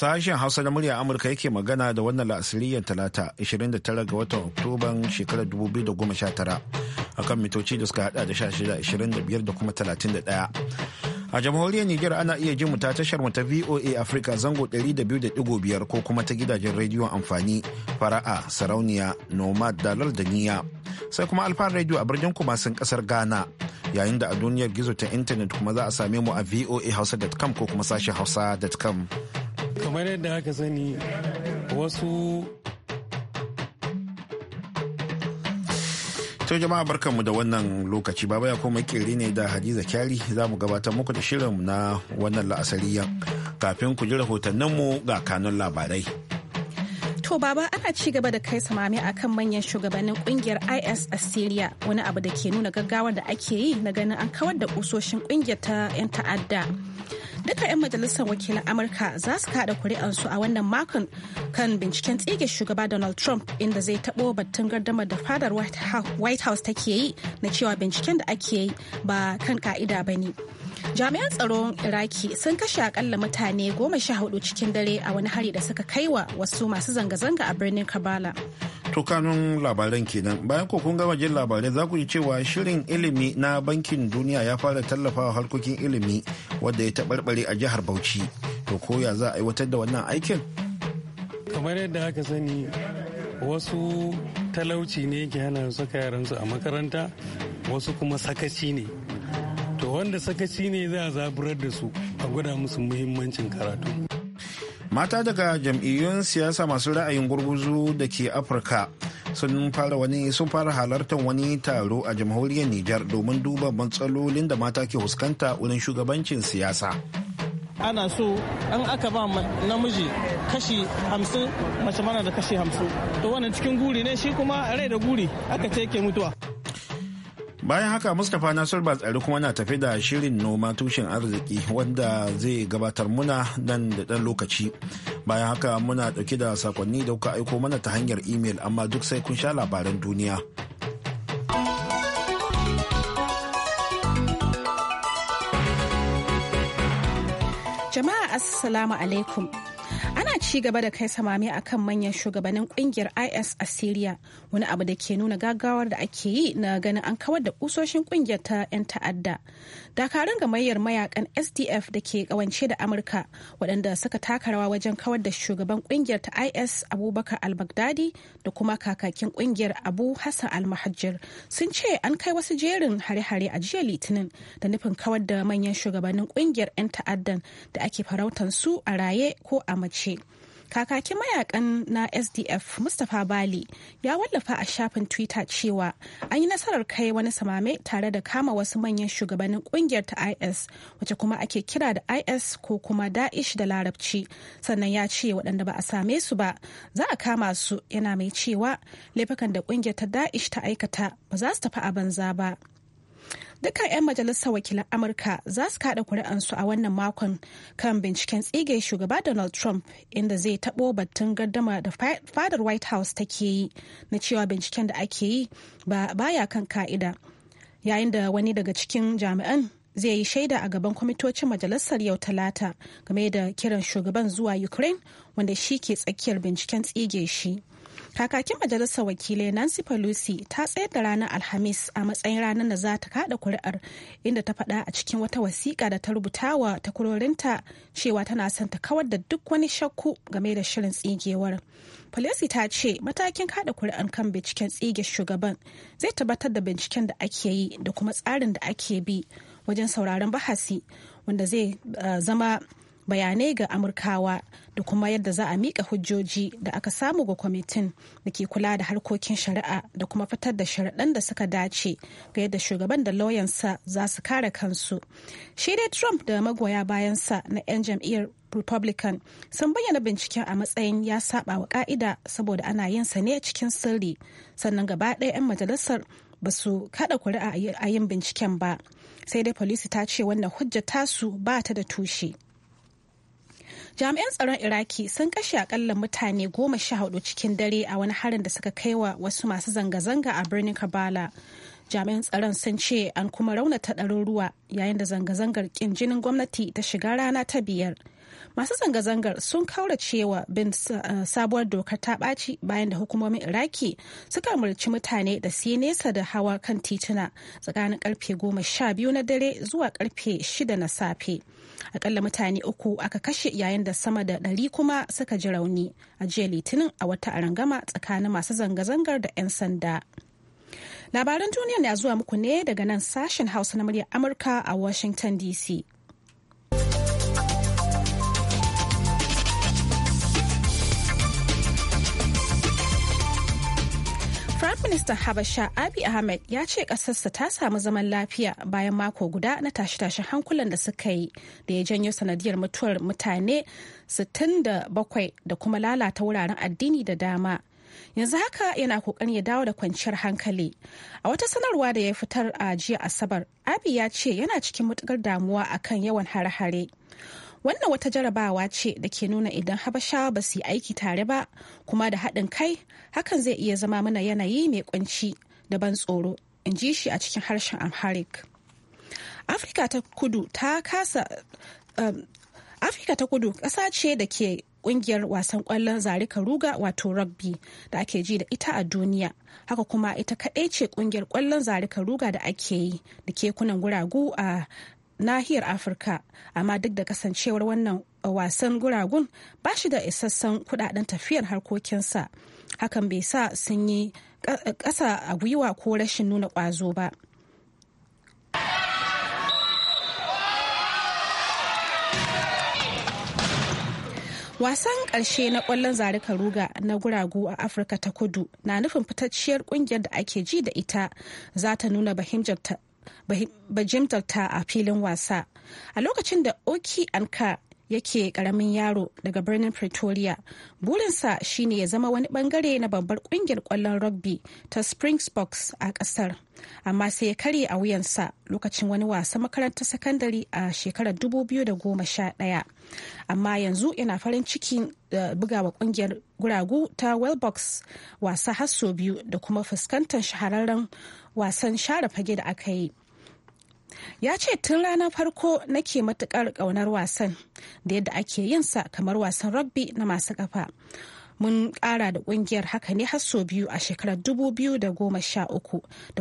Sashen Hausa na murya Amurka yake magana da wannan la'asiriyar talata 29 ga watan Oktoban shekarar 2019 akan mitoci da suka hada da 1625 da kuma 31. A jamhuriyar Nijar ana iya jin ta tashar mu ta VOA Africa zango 200.5 ko kuma ta gidajen rediyon amfani fara'a sarauniya nomad dalar da niya sai kuma alfahar rediyo a birnin kumasin kasar Ghana yayin da a duniyar gizo ta intanet kuma za a same mu a voahausa.com ko kuma sashen hausa.com. kamar yadda aka sani wasu to jama'a barkanmu da wannan lokaci baba ya komai kiri ne da hadiza kyari za mu gabatar muku da shirin na wannan la'asariyan kafin ku ji mu ga kanun labarai To baba ana ci gaba da kai samami a kan manyan shugabannin kungiyar IS a Syria wani abu da ke nuna gaggawar da ake yi na ganin an kawar da kusoshin kungiyar ta 'yan ta'adda. duka 'yan majalisar wakilan amurka za su kada kuri'ansu a wannan makon kan binciken tsige shugaba donald trump inda zai taɓo batun gardamar da fadar white house take yi na cewa binciken da ake yi ba kan ka'ida ba ne jami'an tsaron iraki sun kashe akalla mutane goma sha hudu cikin dare a wani hari da suka kai wa wasu masu zanga-zanga a birnin kabala To kanun labaran kenan bayan ko kun gama jin labarai za ku yi cewa shirin ilimi na bankin duniya ya fara tallafawa harkokin ilimi wadda ya taɓarɓare a jihar Bauchi. To koya za a aiwatar da wannan aikin? Kamar yadda aka sani wasu talauci ne ke hana suka yaransu a makaranta wasu kuma sakaci ne. To wanda sakaci ne za a zaburar da su a gwada musu muhimmancin karatu. mata daga jam'iyyun siyasa masu ra'ayin gurguzu da ke afirka sun fara wani sun fara halartar wani taro a jamhuriyar nijar domin duba matsalolin da mata ke fuskanta wurin shugabancin siyasa ana so an aka ba namiji kashi hamsin mace mana da kashi hamsin to wannan cikin guri ne shi kuma rai da guri aka ce ke mutuwa bayan haka mustapha nasir ba tsari kuma na tafi da shirin noma tushen arziki wanda zai gabatar muna nan da ɗan lokaci bayan haka muna ɗauke da sakonni da kuka aiko mana ta hanyar imel amma duk sai kun sha labaran duniya jama'a assalamu alaikum ci gaba da kai samami a kan manyan shugabannin kungiyar is a syria wani abu da ke nuna gaggawar da ake yi na ganin an kawar da kusoshin kungiyar ta 'yan ta'adda dakarun gamayyar mayakan sdf da ke kawance da amurka waɗanda suka taka rawa wajen kawar da shugaban kungiyar ta is abubakar al-baghdadi da kuma kakakin kungiyar abu hassan al-mahajir sun ce an kai wasu jerin hare-hare a jiya litinin da nufin kawar da manyan shugabannin kungiyar 'yan ta'addan da ake farautan su a raye ko a mace kakakin mayakan na sdf mustapha bali ya wallafa a shafin twitter cewa an yi nasarar kai wani samame tare da kama wasu manyan shugabannin kungiyar ta is wacce kuma ake kira da is ko kuma da'ish da larabci sannan ya ce waɗanda ba a same su ba za a kama su yana mai cewa laifukan da kungiyar ta da'ish ta aikata ba za su tafi a banza ba Dukkan 'yan majalisar wakilan Amurka za su kada kuri'ansu a wannan makon kan binciken tsige shugaba Donald Trump inda zai taɓo batun gardama da fadar White House take yi na cewa binciken da ake yi ba baya kan ka'ida. Yayin da wani daga cikin jami'an zai yi shaida a gaban kwamitocin majalisar yau talata game da kiran shugaban zuwa ukraine wanda shi ke tsakiyar binciken tsige shi Kakakin Majalisar Wakilai Nancy Pelosi ta tsayar da ranar Alhamis a matsayin ranar da za ta kada kuri'ar inda ta faɗa a cikin wata wasiƙa da ta rubuta wa takwarorinta cewa tana son ta kawar da duk wani shakku game da shirin tsigewar. Pelosi ta ce matakin kada kuri'ar kan binciken tsige shugaban zai tabbatar da binciken da ake yi da kuma tsarin da ake bi wajen sauraron bahasi wanda zai eh, zama bayanai ga amurkawa da kuma yadda za a miƙa hujjoji da aka samu ga kwamitin da ke kula da harkokin shari'a da kuma fitar da sharaɗan da suka dace ga yadda shugaban da lauyansa za su kare kansu shi dai trump da magoya bayansa na 'yan jam'iyyar republican sun bayyana binciken a matsayin ya saba wa ka'ida saboda ana yin sa ne cikin sirri sannan gaba ɗaya 'yan majalisar ba su kaɗa kuri'a a yin binciken ba sai dai polisi ta ce wannan hujja tasu ba ta da tushe jami'an tsaron iraki sun kashe akalla mutane goma sha hudu cikin dare a wani harin da suka kai wa wasu masu zanga-zanga a birnin kabala jami'an tsaron sun ce an kuma raunata ɗaruruwa yayin da zanga-zangar ƙin jinin gwamnati ta shiga rana ta biyar masu zanga-zangar sun kauracewa bin uh, sabuwar dokar ta ɓaci bayan da hukumomin iraki suka umarci mutane da su nesa da hawa kan tituna tsakanin karfe goma sha biyu na dare zuwa karfe shida na safe akalla mutane uku aka kashe yayin da sama da ɗari kuma suka ji rauni a jiya litinin a wata arangama tsakanin masu zanga-zangar da 'yan sanda labaran duniya na zuwa muku ne daga nan sashen hausa na muryar amurka a washington dc Ministan Habasha Abi Ahmed ya ce ƙasarsa ta samu zaman lafiya bayan mako guda na tashe-tashen hankulan da suka yi da ya janyo sanadiyar mutuwar mutane 67 da kuma lalata wuraren addini da dama. Yanzu haka yana kokarin ya dawo da kwanciyar hankali. A wata sanarwa da ya fitar a jiya Asabar, Abi ya ce yana cikin matukar damuwa akan yawan hare-hare. Wannan wata jarabawa ce da ke nuna idan Habashawa ba su yi aiki tare ba kuma da haɗin kai hakan zai iya zama mana yanayi mai kunci da ban tsoro, in ji shi a cikin harshen Amharic. Afirka ta kudu um, ƙasa ce da ke kungiyar wasan kwallon zarika ruga wato rugby da ake ji da ita a duniya haka kuma ita kaɗai ce kungiyar kwallon zarika ruga da ake yi da kekunan guragu a nahiyar afirka amma duk da kasancewar wannan uh, wasan guragun ba shi da isassan kudaden tafiyar harkokinsa hakan bai sa sun yi uh, kasa a gwiwa ko rashin nuna kwazo ba Wasan ƙarshe na ƙwallon zarika ruga na guragu a Afirka ta kudu na nufin fitacciyar ƙungiyar da ake ji da ita za ta nuna bahimjarta bajimtar ta a filin wasa a lokacin da oki anka yake karamin yaro daga birnin pretoria burinsa shine ya zama wani bangare na babbar kungiyar kwallon rugby ta springboks a kasar amma sai ya karye a wuyansa lokacin wani wasa makarantar sakandare a shekarar 2011 amma yanzu yana farin cikin da bugawa kungiyar guragu ta wellbox wasa hasso biyu da kuma fuskantar shahararren wasan share fage da aka yi ya ce tun ranar farko nake matukar ƙaunar wasan da yadda ake yinsa kamar wasan rugby na masu kafa mun ƙara da ƙungiyar haka ne har sau biyu a shekarar 2013 da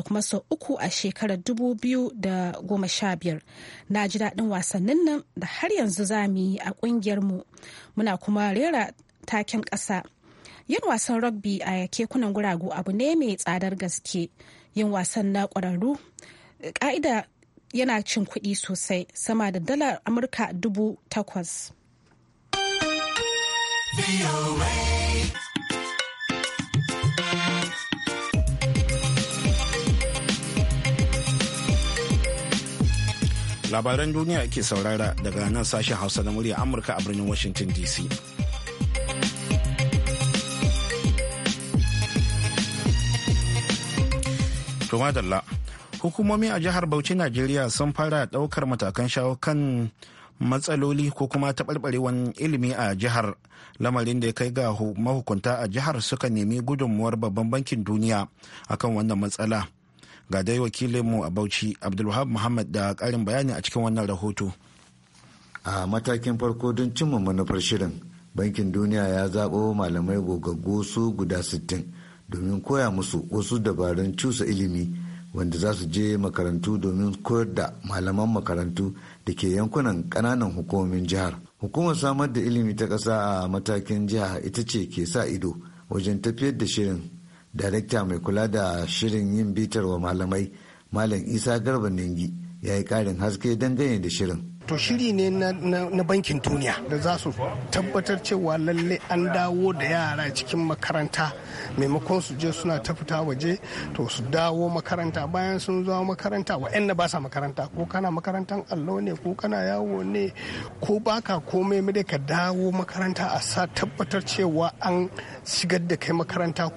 kuma sau uku a shekarar 2015 na ji daɗin wasannin nan da har yanzu za mu yi a ƙungiyarmu muna kuma rera taken ƙasa yin wasan rugby a kekunan guragu abu ne mai tsadar gaske yin wasan na ƙwararru ƙa'ida yana cin kuɗi sosai sama da dalar amurka dubu takwas labaran duniya ke saurara daga nan sashen hausa na murya amurka a birnin washington dc to madalla hukumomi a jihar bauchi najeriya sun fara daukar matakan shawo kan matsaloli ko kuma taɓarɓarewan ilimi a jihar lamarin da ya kai ga mahukunta a jihar suka nemi gudunmuwar babban bankin duniya akan wannan matsala ga dai wakilinmu a bauchi abdulwahab muhammad da ƙarin bayani a cikin wannan rahoto a matakin farko don cimma manufar shirin bankin duniya ya zaɓo malamai gogaggo su guda 60 domin koya musu wasu dabarun cusa ilimi wanda za su je makarantu domin koyar da malaman makarantu da ke yankunan ƙananan hukumomin jihar. Hukumar samar da ilimi ta ƙasa a matakin jiha ita ce ke sa ido wajen tafiyar da shirin. Darekta mai kula da shirin yin bitar wa malamai, Malam Isa Garba Nengi ya yi ƙarin haske dangane da shirin. to shiri ne na bankin duniya da za su tabbatar cewa lalle an dawo da yara cikin makaranta maimakon su je suna ta fita waje to su dawo makaranta bayan sun zama makaranta wa'yan ba sa makaranta ko kana makarantar allo ne ko kana yawo ne ko baka komai mai ka dawo makaranta a sa tabbatar cewa an shigar da kai makaranta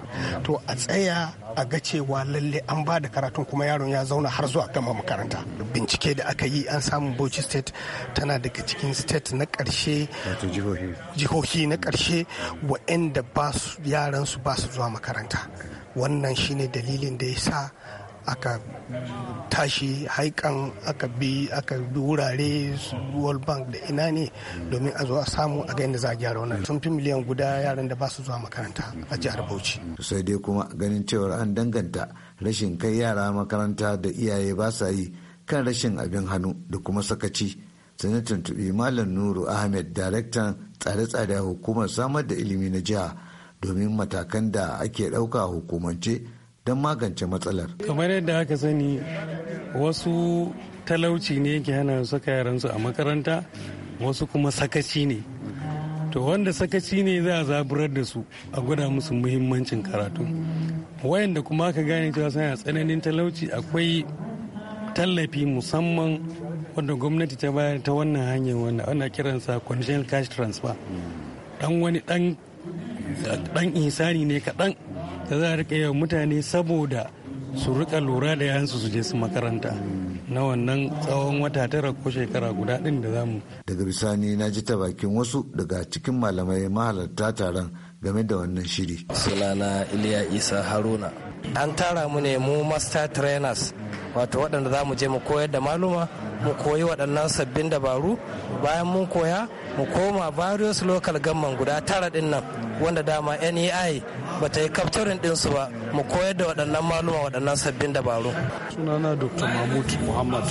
to a tsaya a ga cewa lalle an ba da karatun kuma yaron ya zauna har zuwa gama makaranta bincike da aka yi an samu bauchi state tana daga cikin state na karshe jihohi na karshe waɗanda yaran su ba su zuwa makaranta wannan shine dalilin da ya sa aka tashi haikan aka bi aka bi wurare world bank da ina ne domin a zo a samu a ga yadda za a gyara wannan sun fi miliyan guda yaran da ba su zuwa makaranta a jihar bauchi sai dai kuma ganin cewar an danganta rashin kai yara makaranta da iyaye ba sa yi kan rashin abin hannu da kuma sakaci sun tuntuɓi malam nuru ahmed daraktan tsare-tsare hukumar samar da ilimi na jiha domin matakan da ake ɗauka hukumance don magance matsalar. Kamar yadda aka sani wasu talauci ne yake hana saka yaransu a makaranta wasu kuma sakaci ne. To wanda sakaci ne za a zaburar da su a gwada musu muhimmancin karatu. Wayanda kuma aka gane cewa suna tsananin talauci akwai tallafi musamman wanda gwamnati ta bayar ta wannan hanyar wanda ana kiransa conditional cash transfer. Dan wani dan dan insani ne kaɗan da za a rika yawan mutane saboda su rika lura da yayansu su je su makaranta na wannan tsawon wata tara ko shekara guda ɗin da zamu. Daga bisani na ji ta bakin wasu daga cikin malamai mahalarta taron game da wannan shiri. Sunana Iliya Isa Haruna. An tara mu ne mu master trainers wato waɗanda za mu je mu koyar da maluma mu koyi waɗannan sabbin dabaru bayan mun koya mu koma various local gamman guda tara ɗin nan wanda dama nei ba ta yi kaftarin ɗinsu ba mu koyar da waɗannan maluma waɗannan sabbin dabaru. sunana dr mahmud muhammad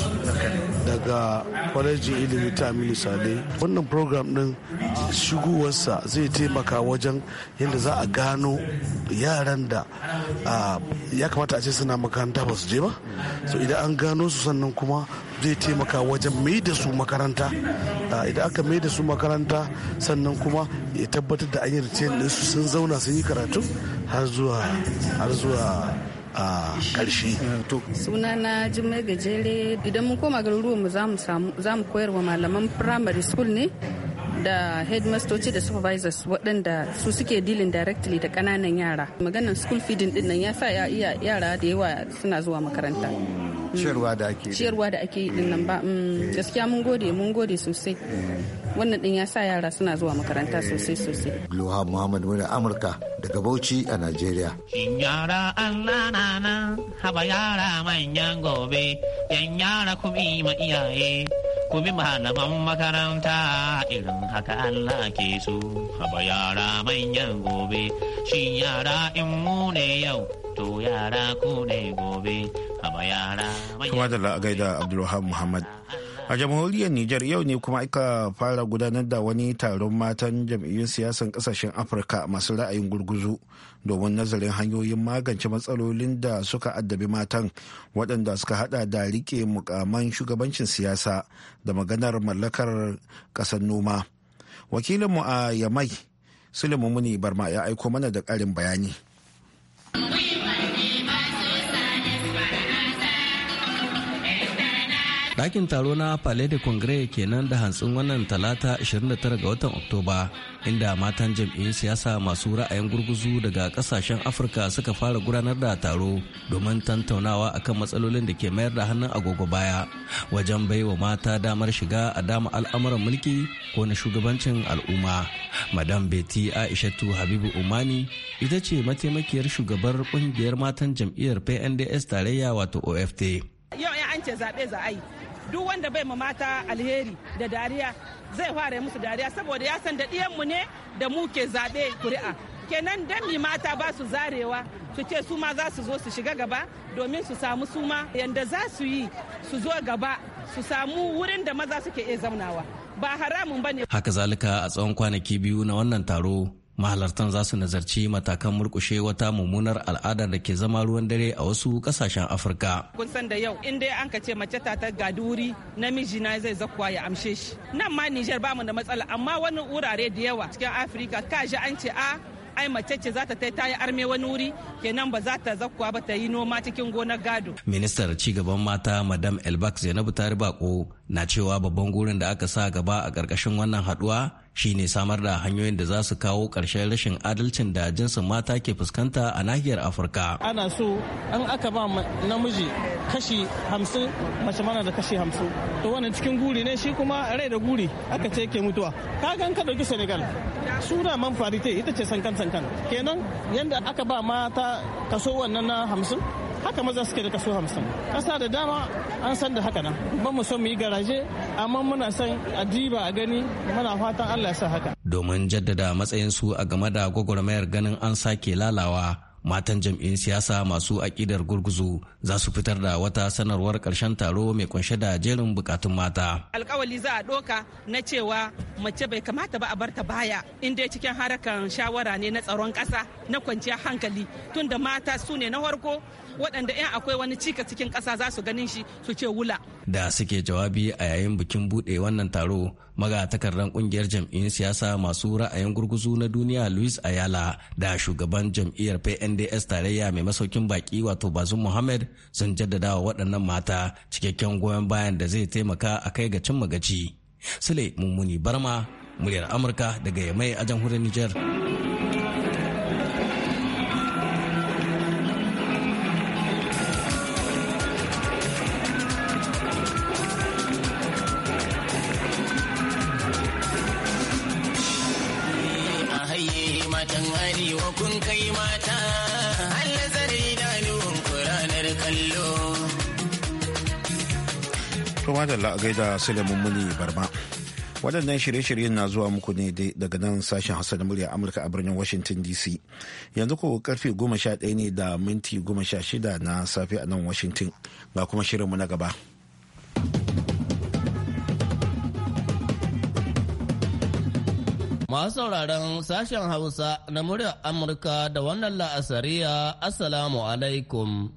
daga kwalejin ilimi ta aminu Sade. wannan program ɗin shigowarsa zai taimaka wajen yadda za a gano yaran da ah, ya kamata a ce suna makaranta ba su je ba so idan an gano su sannan kuma zai taimaka wajen mai da su makaranta idan aka mai da su makaranta sannan kuma ya tabbatar da an yi su sun zauna sun yi karatu har zuwa har zuwa a ƙarshe. suna na jimai gajere idan mun koma mu za mu koyarwa malaman primary school ne da headmasters da supervisors waɗanda su suke dealing directly da ƙananan yara maganan school feeding ɗin nan ya sa yara da yawa suna zuwa makaranta mm. ciyarwa da ake yi da nan ba mm, eh. gaskiya mun gode mun gode sosai eh. wannan din ya sa yara suna zuwa makaranta eh. sosai sosai Loha Muhammad wani Amurka daga Bauchi a Najeriya shin yara Allah na nan haba yara manyan gobe yan yara kuma ma iyaye ku bi malaman makaranta irin haka Allah ke so, haba yara manyan gobe, shi yara in mu ne yau, to yara ku ne gobe, haba yara manyan gobe. Kuma da da Abdulwahab Muhammad. a jamhuriyar nijar yau ne kuma aka fara gudanar da wani taron matan jam'iyyun siyasan kasashen afirka masu ra'ayin gurguzu domin nazarin hanyoyin magance matsalolin da suka addabi matan waɗanda suka hada da rike mukaman shugabancin siyasa da maganar mallakar ƙasar noma wakilinmu a yamai suleiman muni barma ya aiko mana da ƙarin bayani ɗakin taro na palais de congrès nan da hantsin wannan talata 29 ga watan oktoba inda matan jam'iyyun siyasa masu ra'ayin gurguzu daga kasashen afirka suka fara gudanar da taro domin tantaunawa akan matsalolin da ke mayar da hannun agogo baya wajen baiwa mata damar shiga a dama al'amuran mulki ko na shugabancin al'umma madam beti aishatu habibu umani ita ce mataimakiyar shugabar kungiyar matan jam'iyyar pnds tarayya wato oft yau an ce zaɓe za a yi duk wanda bai ma mata alheri da dariya zai fara musu dariya saboda ya san da mu ne da mu ke zaɓe kuri'a kenan mi mata ba su zarewa su ce su ma za su zo su shiga gaba domin su samu su ma yanda za su yi su zo gaba su samu wurin da maza suke iya zaunawa ba haramun ba ne haka zalika a tsawon kwanaki biyu na wannan taro mahalartan za su nazarci matakan murkushe wata mummunar al'adar da ke zama ruwan dare a wasu kasashen afirka kun san da yau in dai an ka ce mace ta ta gaduri namiji na zai zakuwa ya amshe shi nan ma nijar mu da matsala amma wani wurare da yawa cikin afirka ka ji an ce a ah, ai mace ce za ta tai ta yi arme wani wuri kenan ba za ta zakuwa ba ta yi noma cikin gonar gado. Ministar cigaban mata Madam Elbak Zainabu Tari Bako na cewa babban gurin da aka sa gaba a ƙarƙashin wannan haɗuwa shine samar da hanyoyin da za su kawo ƙarshen rashin adalcin da jinsin mata ke fuskanta a nahiyar afirka ana so an aka ba namiji kashi hamsin mace mana da kashi hamsin to wannan cikin guri ne shi kuma rai da guri aka ce ke mutuwa ka gan ka dauki senegal suna man farite ita ce sankan sankan kenan yadda aka ba mata kaso wannan na hamsin haka maza suke da kaso hamsin kasa da dama an san da haka nan ba mu son mu yi garaje amma muna son a diba a gani muna fatan allah ya sa haka domin jaddada matsayinsu a game da gwagwarmayar ganin an sake lalawa matan jam'in siyasa masu aƙidar gurguzu za su fitar da wata sanarwar ƙarshen taro mai kunshe da jerin bukatun mata. Alkawali za a ɗoka na cewa mace bai kamata ba a barta ta baya in dai cikin harakan shawara ne na tsaron ƙasa na kwanciyar hankali tunda mata su ne na farko waɗanda in akwai wani cika cikin ƙasa za su ganin shi su ce wula. Da suke jawabi a yayin bikin buɗe wannan taro magatakardan ƙungiyar jam'iyyun siyasa masu ra'ayin gurguzu na duniya Luis Ayala da shugaban jam'iyyar PNDS tarayya mai masaukin baki wato Bazum Muhammad sun jaddada wa waɗannan mata cikakken goyon bayan da zai taimaka a kai ga cimma gaci. Sule Mummuni Barma, muryar Amurka daga Yamai a jamhuriyar Nijar. da a gaida Suleiman Muni Barma. Waɗannan shirye-shiryen na zuwa muku ne daga nan sashen Hausa da murya Amurka a birnin Washington DC. Yanzu ko karfe 11 ne da minti 16 na safe a nan Washington ga kuma shirin mu na gaba. Masu sauraron sashen Hausa na murya Amurka da wannan la'asariya, Assalamu alaikum.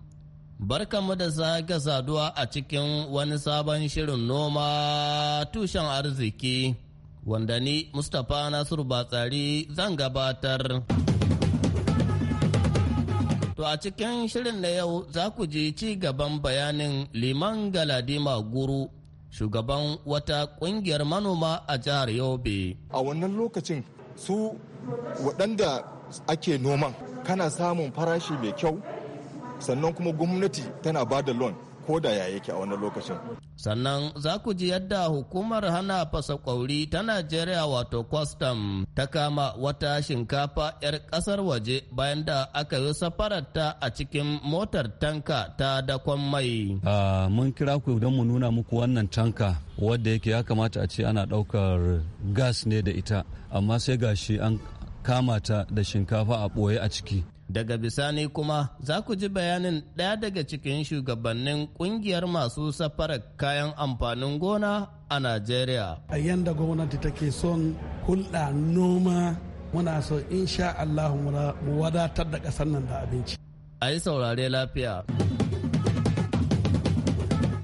Barkanmu da sake saduwa a cikin wani sabon shirin noma tushen arziki wanda ni Mustapha Nasiru Batsari zan gabatar. To a cikin shirin na yau za ku ji ci gaban bayanin liman galadima guru shugaban wata kungiyar manoma a jihar Yobe. A wannan lokacin su waɗanda ake noman kana samun farashi mai kyau sannan kuma gwamnati tana ba da loan ko da ya yake a wannan lokacin. Sannan za ku ji yadda hukumar hana fasa kwauri ta Najeriya wato kwastam ta kama wata shinkafa 'yar kasar waje bayan da aka yi safararta a cikin motar tanka ta dakon mai. Mun kira ku don mu nuna muku wannan tanka wadda yake ya kamata a ce ana ɗaukar gas ne da ita amma sai gashi an kamata da shinkafa a ɓoye a ciki. Daga bisani kuma za ku ji bayanin ɗaya daga cikin shugabannin ƙungiyar masu safarar kayan amfanin gona a Najeriya. A yanda gwamnati take son hulɗa noma muna so insha Allah mu wadatar da ƙasar nan da abinci. A yi saurare lafiya.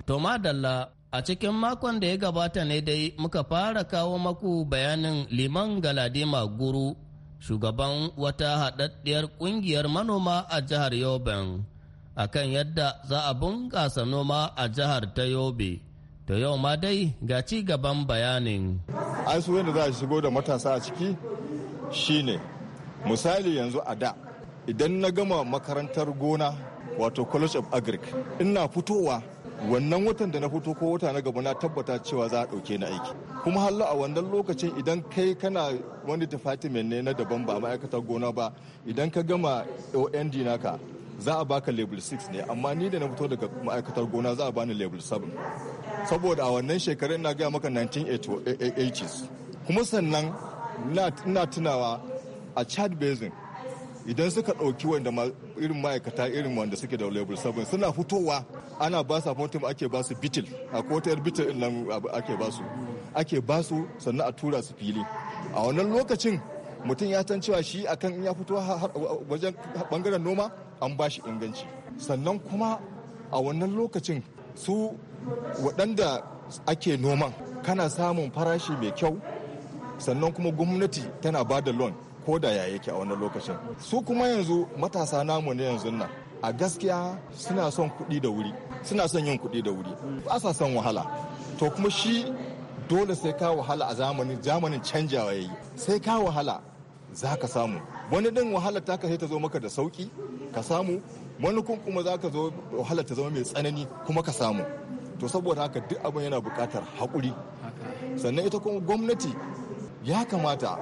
Toma Dalla A cikin makon da ya gabata ne dai muka fara kawo maku bayanin liman galadima guru shugaban wata haɗaɗɗiyar ƙungiyar manoma a jihar a kan yadda za a bunƙasa noma a jihar ta Yobe. ta yau ma dai ga ci gaban bayanin. Ai su yadda za a shigo da matasa a ciki shine misali yanzu a da idan na gama makarantar gona wato college of agric ina fitowa wannan watan da na fito ko wata na gaba na tabbata cewa za a ɗauke ni aiki kuma halla a wannan lokacin idan kai kana wani department ne na daban ba ma'aikatar gona ba idan ka gama ond naka za a baka level 6 ne amma ni da na fito daga ma'aikatar gona za a bani level 7 saboda a wannan shekarun na gaya maka 1980s kuma sannan ina tunawa a chad basin idan suka ɗauki wanda irin ma'aikata irin wanda suke da level 7 suna fitowa ana ba su appointment ake ba su bitil a kotar bitil nan ake ba su ake ba su sannan a tura su fili a wannan lokacin mutum ya san cewa shi akan ya fito wajen bangaren noma an ba shi inganci sannan kuma a wannan lokacin su waɗanda ake noman kana samun farashi mai kyau sannan kuma gwamnati tana ba da loan ko da ya yake a wani lokacin su kuma yanzu matasa namu ne yanzu nan a gaskiya suna son kuɗi da wuri suna son yin kuɗi da wuri ba sa son wahala to kuma shi dole sai ka wahala a zamanin zamanin canjawa yayi sai ka wahala za ka samu wani din wahalar ta kai ta zo maka da sauki ka samu wani kuma za ka zo wahalar ta zama mai tsanani kuma ka samu to saboda haka duk abin yana buƙatar haƙuri sannan ita kuma gwamnati ya kamata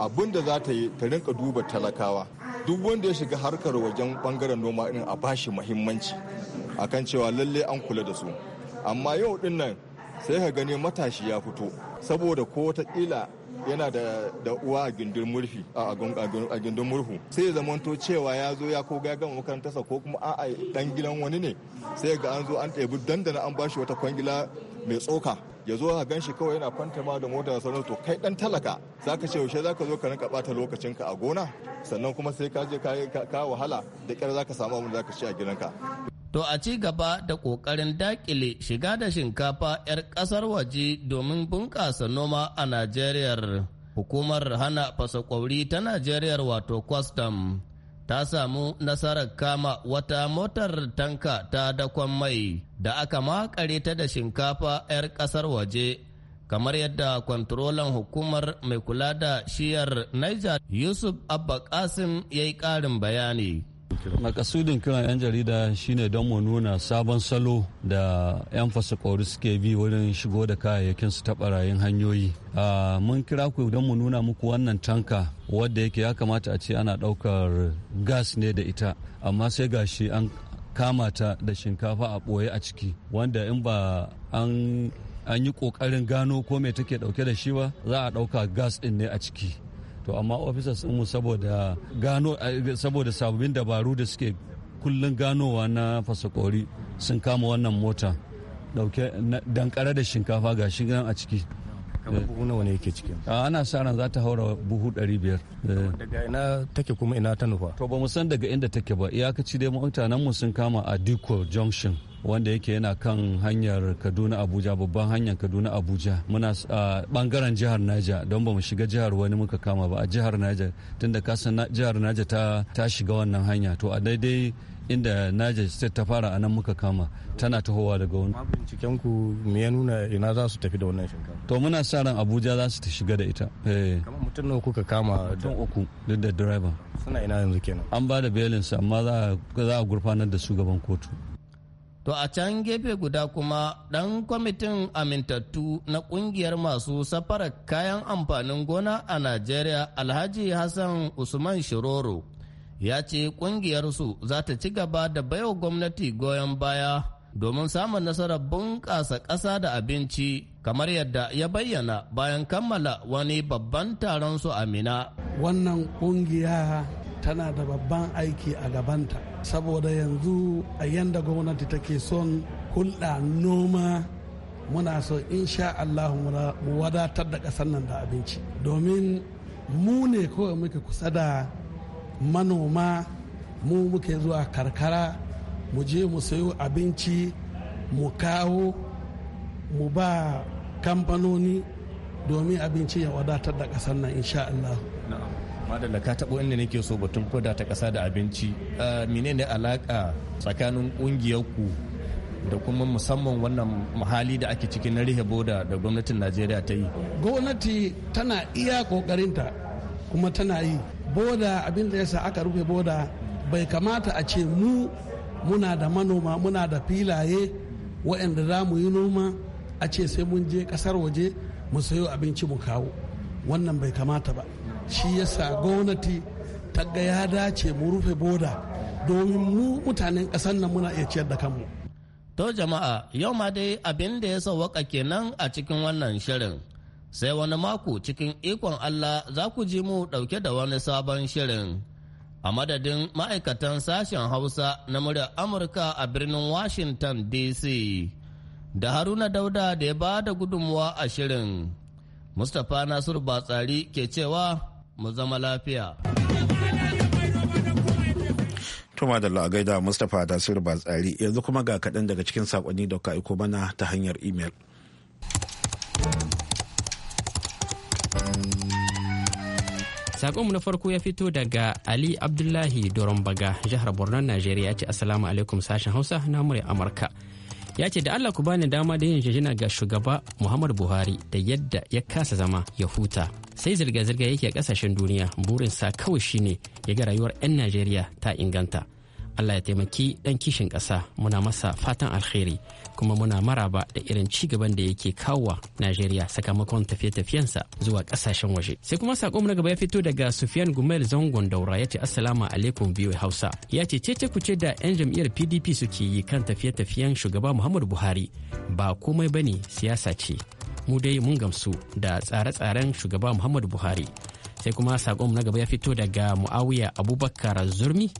abin da za ta yi ta rinka duba talakawa duk wanda ya shiga harkar wajen bangaren noma din a bashi muhimmanci kan cewa lalle an kula da su amma yau din nan sai ka gani matashi ya fito saboda ko watakila yana da uwa a gindin murfi a gindin murhu sai ya zamanto cewa ya zo ya ko ga gama makarantarsa ko kuma a'a dan gidan wani ne sai ga an zo an ɗebi dandana an bashi wata kwangila mai tsoka ya zo a ganshi kawai yana ma da mota da to kai dan talaka zaka ce yaushe zaka zo ka rinka bata lokacinka a gona sannan kuma sai ka je ka wahala da kyar zaka samu abin da zaka ci a gidanka To a ci gaba da ƙoƙarin dakile shiga da shinkafa 'yar ƙasar waje domin bunƙasa noma a Najeriya. Hukumar hana fasa ta Najeriya wato kwastam ta samu nasarar kama wata motar tanka ta dakon mai da aka makare ta da shinkafa 'yar kasar waje kamar yadda kwantrolan hukumar mai kula da shiyar niger yusuf abba kasim ya yi karin bayani makasudin kiran 'yan jarida shine don mu nuna sabon salo da 'yan fasikori suke bi wurin shigo da kayayyakin su ta barayin hanyoyi mun kira ku don mu nuna muku wannan tanka wadda yake ya kamata a ce ana daukar gas ne da ita amma sai gashi an kamata da shinkafa a ɓoye a ciki wanda in ba an an yi ƙoƙarin gano ko me take ɗauke da shi ba za a ɗauka gas ɗin ne a ciki to amma officers mu saboda gano saboda sababbin dabaru da suke kullun ganowa na fasakori sun kama wannan mota dauke dankare da shinkafa ga shi a ciki kamar buhu nawa ne yake ciki ana sa ran za ta haura buhu 500 eh. daga ina take kuma ina ta nufa to ba mu san daga inda take ba iyakaci dai mutanen mu sun kama a diko junction wanda yake yana kan hanyar kaduna abuja babban hanyar kaduna abuja muna a bangaren jihar naija don ba mu shiga jihar wani muka kama ba a jihar naija tunda kasan jihar naija ta, ta shiga wannan hanya to a daidai inda naija state ta fara anan muka kama tana tahowa daga wani binciken ku me ya nuna ina za su tafi da wannan shinkafa to muna sa ran abuja za su shiga da ita eh. kamar mutum nawa kuka kama don uku duk da driver suna ina yanzu kenan an ba da belin su amma za a gurfanar da su gaban kotu To a can gefe guda kuma ɗan kwamitin amintattu na ƙungiyar masu safarar kayan amfanin gona a Najeriya Alhaji Hassan Usman Shiroro ya ce ƙungiyarsu za ta ci gaba da baiwa gwamnati goyon baya domin samun nasarar bunƙasa ƙasa da abinci kamar yadda ya bayyana bayan kammala wani babban taron su a Minna. Wannan ƙungiya tana da babban aiki a gabanta. saboda yanzu a yanda gwamnati take son hulɗa noma muna so insha Allah mu wadatar da ƙasar nan da abinci domin mu ne kawai muke kusa da manoma mu muke zuwa karkara mu je mu sayo abinci mu kawo mu ba kamfanoni domin abinci ya wadatar da ƙasar nan insha Allah madalla ka taɓo inda nake so batun koda ta ƙasa da abinci ne alaƙa tsakanin ƙungiyarku da kuma musamman wannan mahali da ake cikin na rihe boda da gwamnatin najeriya ta yi gwamnati tana iya ƙoƙarinta kuma tana yi boda abin da yasa aka rufe boda bai kamata a ce mu muna da manoma muna da filaye waɗanda za mu yi noma a ce sai mun je ƙasar waje mu sayo abinci mu kawo wannan bai kamata ba shi yasa gwamnati ta ga ya dace mu rufe boda domin mu mutanen ƙasar nan muna iya ciyar da kanmu to jama'a yau ma dai abin da ya sawwaka kenan a cikin wannan shirin sai wani mako cikin ikon Allah za ku ji mu ɗauke da wani sabon shirin. A madadin ma'aikatan sashen Hausa na murya Amurka a birnin Washington DC, da Haruna Dauda da ya ba da gudunmuwa a shirin. Mustapha Nasiru Batsari ke cewa mu zama lafiya. Tuma da la'agaida Mustapha da ba tsari yanzu kuma ga kaɗan daga cikin saƙonni da ka aiko mana ta hanyar imel. Saƙonmu na farko ya fito daga Ali Abdullahi Doron Baga, jihar Borno, Najeriya ce Assalamu alaikum sashen Hausa na murya Amurka. ya ce da Allah ku bani dama da yin jajina ga shugaba Muhammadu Buhari da yadda ya kasa zama ya huta. Sai zirga-zirga yake a kasashen duniya burinsa kawai shine ya ga rayuwar 'yan Najeriya ta inganta. Allah ya taimaki ɗan kishin ƙasa muna masa fatan alkhairi kuma muna maraba da irin ci gaban da yake kawowa Najeriya sakamakon tafiye-tafiyensa zuwa ƙasashen waje. Sai kuma sakon na gaba ya fito daga Sufyan Gumel Zangon Daura ya ce Assalamu alaikum biyu Hausa. Ya ce cece kuce da 'yan jam'iyyar PDP suke yi kan tafiye-tafiyen shugaba Muhammadu Buhari ba komai bane siyasa ce. Mu dai mun gamsu da tsare-tsaren shugaba Muhammadu Buhari. Sai kuma sakon na gaba ya fito daga Muawiya Abubakar Zurmi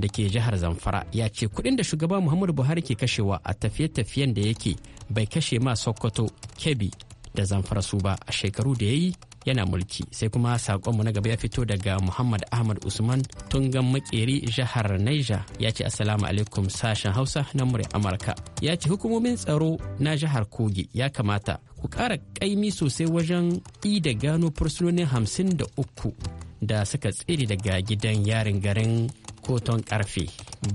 da ke jihar zamfara ya ce kuɗin da shugaba muhammadu buhari ke kashewa a tafiye-tafiyen da yake bai kashe ma sokoto kebbi da zamfara su ba a shekaru da ya yi yana mulki sai kuma sakonmu na gaba ya fito daga muhammad ahmad usman tungan makeri jihar Niger ya ce assalamu alaikum sashen hausa na murya amurka ya ce hukumomin tsaro na jihar kogi ya kamata ku ƙara ƙaimi sosai wajen i da gano fursunonin hamsin da uku da suka tsere daga gidan yarin garin koton karfe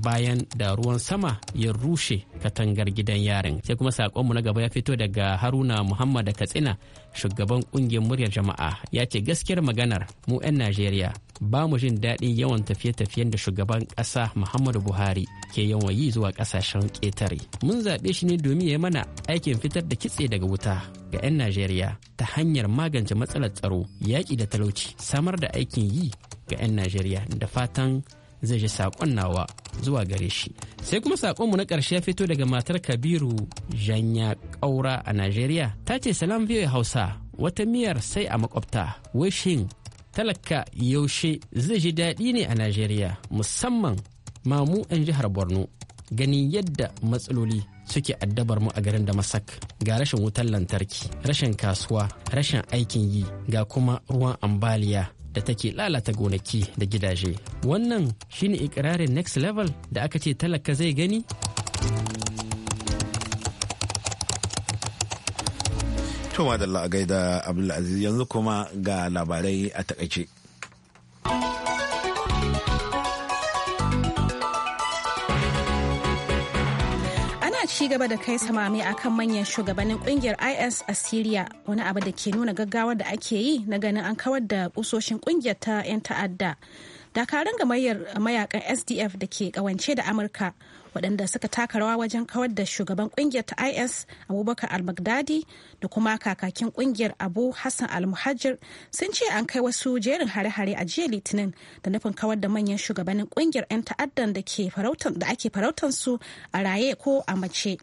bayan da ruwan sama ya rushe katangar gidan yarin sai kuma sakonmu na gaba ya fito daga haruna muhammad da katsina shugaban kungiyar muryar jama'a ya ce gaskiyar maganar mu 'yan najeriya ba mu jin daɗin yawan tafiye-tafiyen da shugaban ƙasa muhammadu buhari ke yawan yi zuwa ƙasashen ƙetare mun zaɓe shi ne domin ya mana aikin fitar da kitse daga wuta ga 'yan najeriya ta hanyar magance matsalar tsaro yaƙi da talauci samar da aikin yi ga 'yan najeriya da fatan zai ji saƙon nawa zuwa gare shi sai kuma saƙonmu na ƙarshe ya fito daga matar kabiru janya ƙaura a najeriya ta ce salam biyu hausa wata miyar sai a makwabta wishing talaka yaushe zai ji daɗi ne a najeriya musamman mamu 'yan jihar borno ganin yadda matsaloli suke addabar mu a garin da masak. ga rashin wutar lantarki, rashin kasuwa, rashin aikin yi, ga kuma ruwan ambaliya da take lalata gonaki da gidaje wannan shine ikirarin next level da aka ce talaka zai gani to da a da abdulaziz yanzu kuma ga labarai a takaice ci gaba da kai samami kan manyan shugabannin kungiyar is a syria wani abu da ke nuna gaggawar da ake yi na ganin an kawar da kusoshin kungiyar ta 'yan ta'adda dakarun gamayyar mayakan sdf da ke kawance da amurka waɗanda suka taka rawa wajen kawar da shugaban kungiyar ta is abubakar al-baghdadi da kuma kakakin kungiyar abu hassan al-muhajir sun ce an kai wasu jerin hare-hare a jiya litinin da nufin kawar da manyan shugabannin kungiyar 'yan ta'addan da ake farautar su a raye ko a mace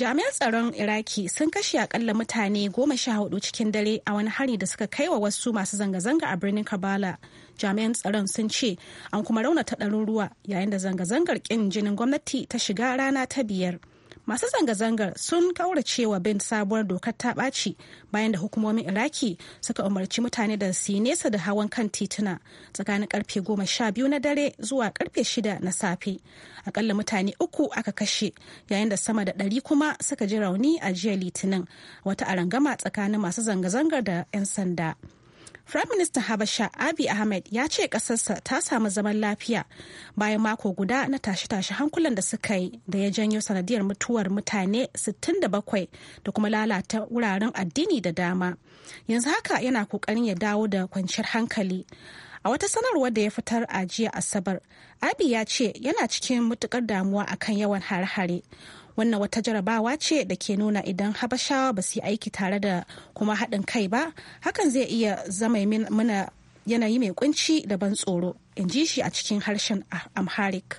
jami'an tsaron iraki sun kashe akalla mutane goma sha hudu cikin dare a wani hari da suka kai wa wasu masu zanga-zanga a birnin kabala jami'an tsaron sun ce an kuma raunata ɗaruruwa yayin da zanga-zangar ƙin jinin gwamnati ta shiga rana ta biyar masu zanga-zangar sun kauracewa bin sabuwar dokar ta ɓaci bayan da hukumomin iraki suka umarci mutane da su nesa da hawan kan tituna tsakanin karfe goma sha biyu na dare zuwa karfe shida na safe akalla mutane uku aka kashe yayin da sama da ɗari kuma suka ji rauni a jiya litinin wata arangama tsakanin masu zanga-zangar da 'yan sanda. Firaministan Habasha Abiy Ahmed ya ce ƙasarsa ta samu zaman lafiya bayan mako guda na tashe-tashe hankulan da suka yi da ya janyo sanadiyar mutuwar mutane 67 da kuma lalata wuraren addini da dama. Yanzu haka yana ƙoƙarin ya dawo da kwanciyar hankali. A wata sanarwar da ya fitar a jiya Asabar, Abiy ya ce yana cikin matukar damuwa akan yawan hare-hare. wannan wata jarabawa ce da ke nuna idan habashawa ba su yi aiki tare da kuma haɗin kai ba hakan zai iya zama mana yanayi mai kunci da ban tsoro in ji shi a cikin harshen amharic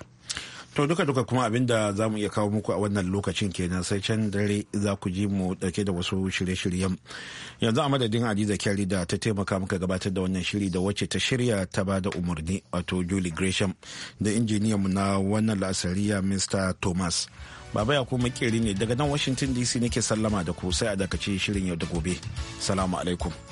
to duka duka kuma abin da za mu iya kawo muku a wannan lokacin kenan sai can dare za ku ji mu dauke da wasu shirye-shiryen yanzu a madadin adiza kyari da ta taimaka muka gabatar da wannan shiri da wacce ta shirya ta ba da umarni wato julie gresham da injiniyanmu na wannan la'asariya mr thomas Baba ya kuma makeri ne daga nan Washington DC nake sallama da ku sai a dakace shirin yau da gobe. Salamu alaikum.